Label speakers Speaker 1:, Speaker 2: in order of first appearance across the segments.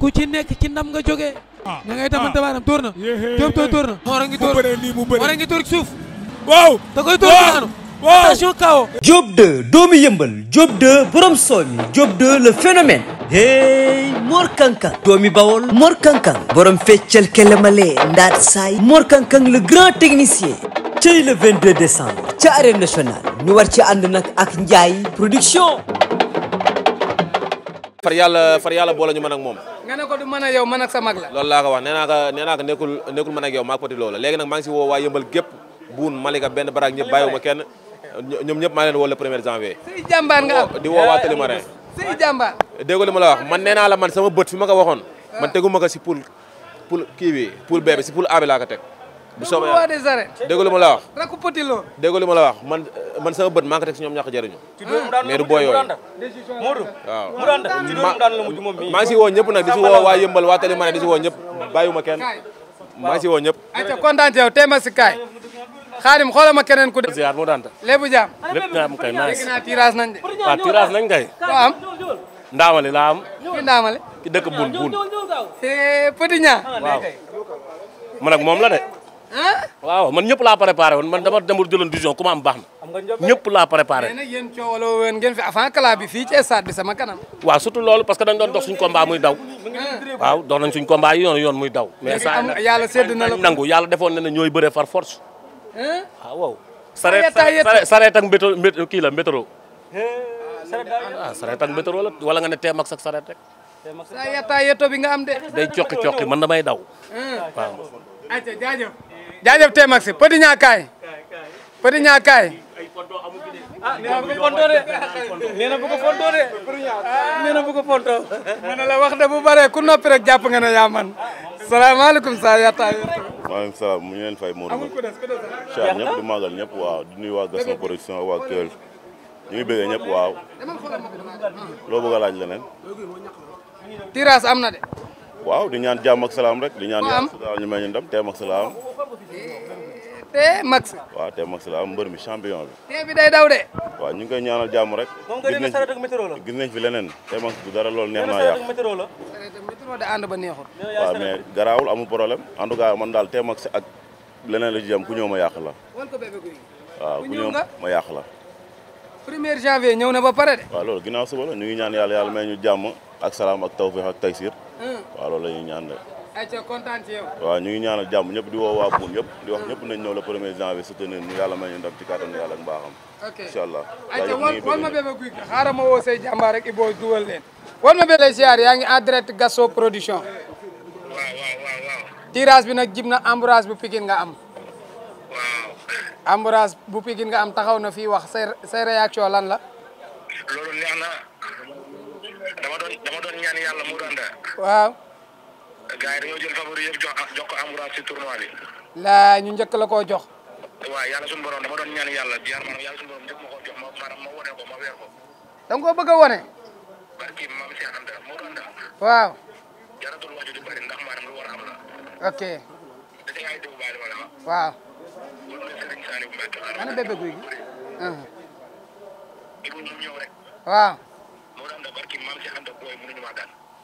Speaker 1: ku ci nekk ci nam nga jógee. ah ngay damante ah. baaraam door na. Diop tooy door na. Mor a ngi door Mor a ngi door suuf.
Speaker 2: waaw da koy door daanu. waaw attention kawo. Diop 2 yëmbal Diop 2 borom soomi Diop 2 le phénomène. hey Mor Kankang doomi Bawol Mor Kankang borom feccal kelemale ndaat saay Mor Kankang le grand technicien. ci le 22 décembre ca arène nationale ñu war ci ànd nag ak Ndiaye production.
Speaker 1: far yàlla far yàlla boole ñu mën ak moom. nga ne ko du mën a yow man ak sa mag la loolu laa ko wax nee naa naa ko nekkul nekkul mën ak yow maag petit loo la léegi nag maa ngi si woo waa yëmbal gépp buun malika benn baraak ñëpp bàyyiwuma kenn ñoom ñëpp maa leen woo le premier janvier say jàmbaar am di woo waa Télémarin say jàmbaar dégg ma la wax man nee naa la man sama bët fi ma ko waxoon man ah. teguma ko si poul poul kii bi poul si poul abi laa ko bu soobee roi des arènes dégg lu ma la wax rakku petit lo dégg lu ma la wax man man sama bët maa ngi teg ñoom ñàkk jëriñu mais du booy yooyu Modou waaw
Speaker 2: mu moom mi maa si
Speaker 1: woo ñëpp nag di si woo waa yembal waa télé mané di si woo ñëpp bàyyiwuma kenn maa si woo ñëpp ayca kontaan yow tey ma si kaay xaadim xoolal ma keneen ku de ziar mu daan ta lépp jaam lépp jaam kay nice tirage nañ de waaw kay waaw am ndaamale ki ndaamale ki dëkk bun bun petit ñaa waaw man moom la de waaw man ñëpp laa préparé woon man dama demul jëloon décision ku ma am baax ñëpp laa préparé mais nag yéen coowaloo woon ngeen fi avant kala bi fii ci stade bi sama kanam waaw surtout loolu parce que dañ doon dox suñ combat muy daw waaw suñ combat yi yoon yoon muy daw mais saa yala sedd na la nangu yàlla defoon na ne ñooy bëree far force waaw ah, waaw sareet sareet ak métro kii la métro waaw ah, sareet ak métro la wala nga ne teem ak sax sareet rek saa yattaa yeto nga am de day coqi coqi man damay daw jaajëf tey Maxi Petit Niang kaay Petit Niang kaay ah ko fontoo de nee la wax de ku noppi rek jàpp nga ne yaa man salaamaaleykum saa yatta maaleykum salaam mu ñu leen fay Modou Sarr ñëpp di màggal ñëpp waaw di nuyu waa Gaston production waa Kewel ñu ngi bëggee waaw loo bëgg a leneen tirage am na de waaw di ñaan jàmm ak salaam rek di ñaan yàlla ñu teem ak salaam te max. waaw te max la am mbër mi champion bi. te bi day daw de. waaw ñu ngi koy ñaanal jàmm rek. gis nañ fi leneen te max du dara loolu neex naa yàq. météo de ànd ba neexul. waaw problème en tout man daal te max ak leneen la ci jëm ku ñëw ma yàq la. waaw ku ñëw ma yàq la. premier janvier ñëw na ba pare de. waaw loolu ginnaaw suba la ñu ngi ñaan yàlla yàlla may ñu jàmm ak salaam ak tawfeex ak taysir. waaw loolu la ñuy ñaan de. waaw ñu ngi ñaanal jàmm ñëpp di woo waa Pound ñëpp di wax ñëpp nañ ñëw le premier janvier soutenir ñu yàlla may ñu ndam ci kàttanu yàlla ak mbaaxam incha allah ayca wan ma bébé guy xaaral ma woo say jàmbaar rek Ibou dugal leen wan ma bébé ziar yaa ngi en direct Gaston Production tirage bi nag jib na ambourage bu Pikine nga am ambourage bu Pikine nga am taxaw na fi wax say say réaction la loolu neex na dama doon ñaan yàlla mu doon waaw gars yi dañoo jël favori yëpp jox jox ko Ambroise ci laa ñu njëkk la koo jox. waaw yàlla suñu borom doon ñaan yàlla jaar maanaam yàlla suñu borom njëkk ma koo jox ma maanaam da koo bëgg a wone. barki maam Cheikh Anta moo doon daal. waaw. jaratul di bëri ndax maanaam lu war a am la. ok. dañu ay waaw. ana bébé guy gi.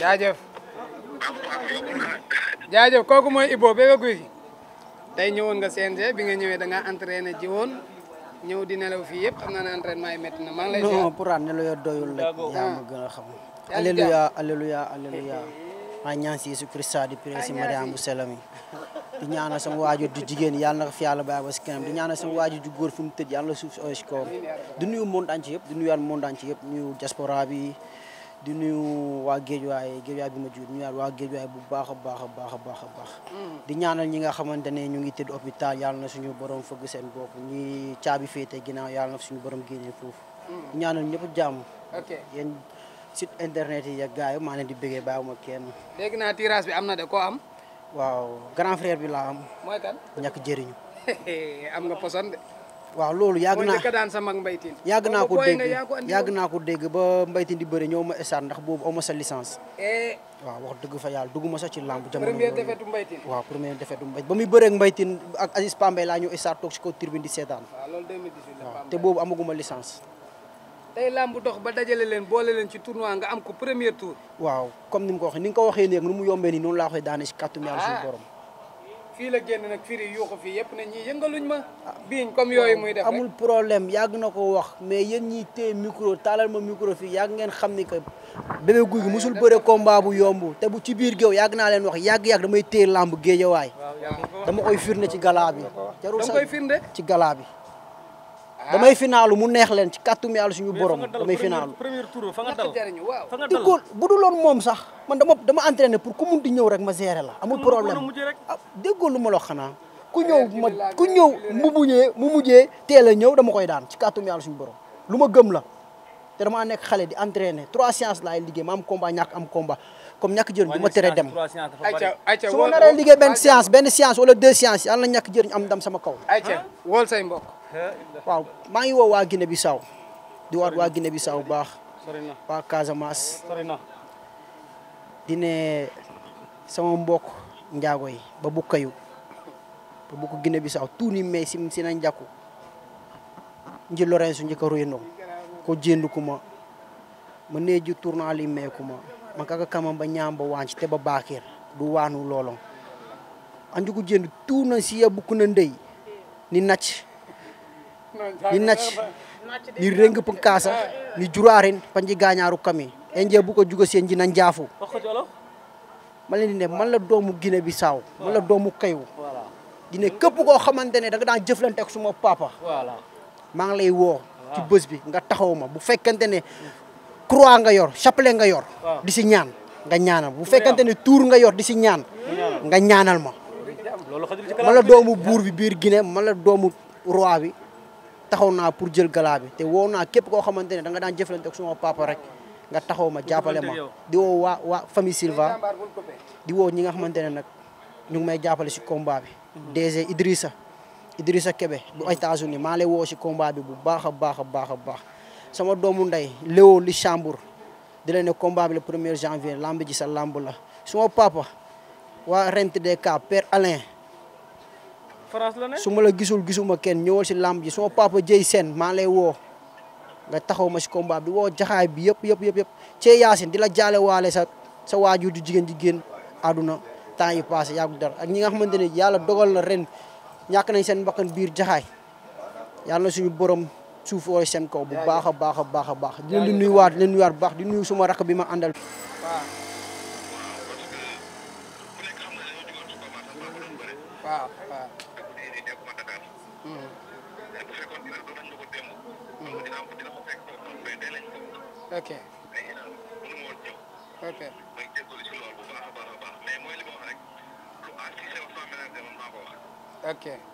Speaker 1: jaajëf jaajëf kooku mooy Ibou Bébé Gouy Gui tey ñëwoon nga CNG bi nga ñëwee da ngaa entraîné ji ñëw di nelaw fii yëpp xam naa ne entraînement yi métti na maa ngi lay.
Speaker 2: nelaw yoo doyul rek. yaa ma a xam. alléluia alléluia alléluia. maa ñaan si Yesu Christa di pré si Mariam bu selam yi di ñaanal sama waajur du jigéen yàlla na ko fi yàlla ba si kanam di ñaanal sama waajur du góor fi mu tëj yàlla na suuf si oyof si kawam. di nuyu monde entier yëpp di nuyuwaat monde entier yëpp nuyu diaspora di nuyu waa géejuwaay waaye bi ma jur ñu ñaan waa géejuwaay bu baax a baax a baax a baax a baax mm. di ñaanal ñi nga xamante ne ñu ngi tëdd hôpital yàlla na suñu borom fëgg seen bopp ñi caabi féete ginnaaw yàlla na suñu borom génnee foofu mm. ñaanal ñëpp jàmm yéen site internet yi ak gars maa leen di bëggee bàyyiwuma kenn
Speaker 1: dégg naa tirage bi am na de ko am
Speaker 2: waaw grand frère bi laa am mooy jëriñu
Speaker 1: am nga poson de
Speaker 2: waaw loolu yàgg naa ko
Speaker 1: daan sa mag mbaytin yàgg naa ko dégg yàgg naa
Speaker 2: ko dégg ba mbaytin di bëri ñëw ma stade ndax boobu aw sa licence eh. waaw wax dëgg fa yàlla dugguma sax ci lamb jamono première défaite u mbaytin waaw première défaite mbaytin ba muy bëreeg mbaytin ak Aziz Pambay laa ñëw stade toog si kaw tribune di seetaan te boobu amaguma licence
Speaker 1: tey lamb dox ba dajale leen boole leen ci tournoi nga am ko premier tour
Speaker 2: waaw comme ni mu ko waxee ni nga ko nu mu yombee nii noonu laa koy daane si kàttum yàlla suñu ah. borom fii la génn nag firi yuuxu fii yëpp na ñii yëngaluñ ma. comme yooyu muy def amul problème yàgg na ko wax mais yéen ñiy téye micro taalal ma micro fii yàgg ngeen xam ni que Bébé Gouy Gui musul bëre combat bu yomb te bu ci biir géew yàgg naa leen wax yàgg-yàgg damay téye làmb waay dama koy na ci galaa bi. jarul sax koy firnde ci galaa damay ah. finaalu mu neex leen ci kàttum yàlla suñu borom damay finaalu
Speaker 1: premier tour fa nga dal fa nga dal ko
Speaker 2: bu du loon moom sax man dama dama entraîné pour ku mun di ñëw rek ma gérer la amul problème ah déggoo lu ma la xanaa ku ñëw ma ku ñëw mu mujjee mu mujjee teel a ñëw dama koy daan ci kàttum yàlla suñu borom lu ma gëm la te damaa nekk xale di entraîné trois séances laay liggéey ma am combat ñàkk am combat comme ñàkk jëriñ bu ma tere dem
Speaker 1: su ma naree liggéey benn séance
Speaker 2: benn séance wala deux séances yàlla na ñàkk jëriñ am ndam sama kaw
Speaker 1: wool say mbokk waaw
Speaker 2: maa ngi woo waa Guinée Bissau di waat waa Guinée Bissau bu baax waa Casamance di sama mbokk njaago yi ba bukkayu ba bukk Guinée Bissau tuuni mais si si nañ jàkku nji Lorenzo njëkk a royandoo ko jéndu kuma ma neeju tournant li meeku ma ma kamam ba ñamba wanci te ba bakir du wanu lolong anju ku jendu tu na siya buku na ndey ni nach ni nach ni reng pengkasa ni jurarin panji ganyaru kami enje buko juga sen jinan jafu ma ne man la doomu Guinée Bissau man la doomu Kayu. voilà di ne képp koo xamante ne da nga daan jëflante ak suma papa. voilà maa ngi lay bi nga taxaw ma bu fekkente ne croix nga yor chapelet nga yor. di si ñaan nga ñaanal bu fekkente ne tour nga yor di si ñaan. nga ñaanal ma. man la doomu buur bi biir Guinée man la doomu roi bi taxaw naa pour jël galaa bi te woo naa képp koo xamante ne da nga daan jëflante ak suma papa rek nga taxaw ma jàppale ma. di woo waa waa famille Silva di woo ñi nga xamante ne nag ñu ngi may jàppale si combat bi. Mhm. DG Idrissa Idrissa Kebe bu États-Unis maa lay woo si combat bi bu baax a baax baax a baax. sama doomu ndey Léo Luxembourg di la ne combat bi le janvier lamb ji sa lamb la suma papa waa rent de cas père Alain.
Speaker 1: France la ne su ma
Speaker 2: la gisul gisuma kenn ñëwal si lamb ji suma papa Dieye seen maa lay woo nga taxaw ma si combat bi di woo jaxaay bi yëpp yëpp yëpp yëpp cee Yacine di la jaale waale sa sa waajur du jigéen ji génn àdduna temps yi passé yàggu dara ak ñi nga xamante ne yàlla dogal na ren ñàkk nañ seen mbakkan biir jaxaay yàlla na suñu borom. suuf ooy seen bu baax a baax a baax a baax di leen di nuyuwaat di leen nuyuwaat bu baax di nuyu suma rakk bi ma àndal.
Speaker 1: waaw waaw. ok.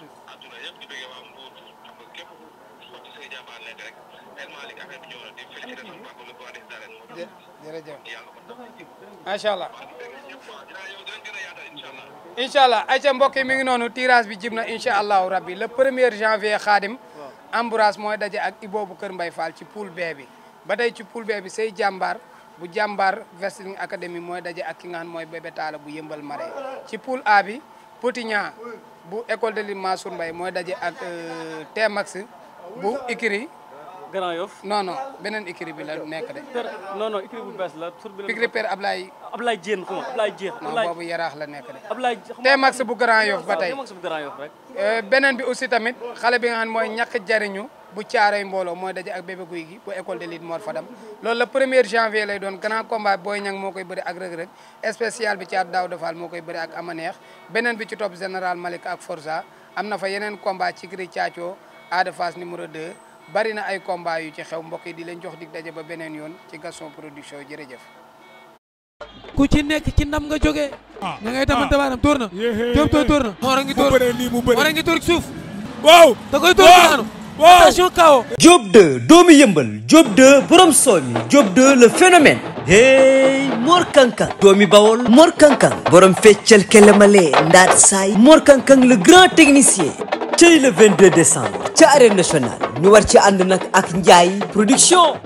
Speaker 1: adduna yëpp di bëggee allah incha allah mbokk yi mi ngi noonu tirage bi jib na incha allahu rabbi le premier janvier xaadim ambourage mooy daje ak Ibo Kër Mbay Fall ci poule B bi ba tey ci poule B bi say jàmbaar bu jàmbaar Wrestling Academy mooy daje ak ki mooy bébé taala bu yëmbal mare ci poule A Potignan bu école de l'Ile mbay Mbaye mooy daje ak euh, Tmax bu Ikiri Grand Yoff. beneen écurie bi la nekk de. per bu bees la. tur bi la écurie per Ablaye. Ablaye Dieng xuma Ablaye Dieng. boobu yaraax la nekk de. Ablaye Tmax bu Grand Yoff ba tey euh, beneen bi aussi tamit xale bi nga xam mooy ñàkk jariñu bu caaroy mbooloo mooy daje ak bébé guy gi bu école de lutte Mor Fadam loolu la premier janvier lay doon grand combat Boy Niang moo koy bëri ak Reug Reug spécial bi Thiatou Daouda Fall moo koy bëri ak Amaneex beneen bi ci topp général Malick ak Forza am na yeneen combat ci gri bari na ay combat yu ci xew mbokk yi di leen jox dig daje ba beneen yoon ci Gaston Production jërëjëf. ku ci nekk ci ndam nga jóge ah da ngay damante ah. baaram tóor na. Diop tooy tóor na. moo ngi tóor ci suuf.
Speaker 2: waaw da koy tóor daanu. waaw attention kawo. Diop 2 doomu yëmbal Diop 2 borom soomi Diop 2 le phénomène. hey Mor Kankang doomi Bawol Mor Kankang borom feccal kelemale ndaat saay Mor Kankang la grand technicien. tey le 22 décembre ca arène nationale ñu war ci ànd nag ak Ndiaye production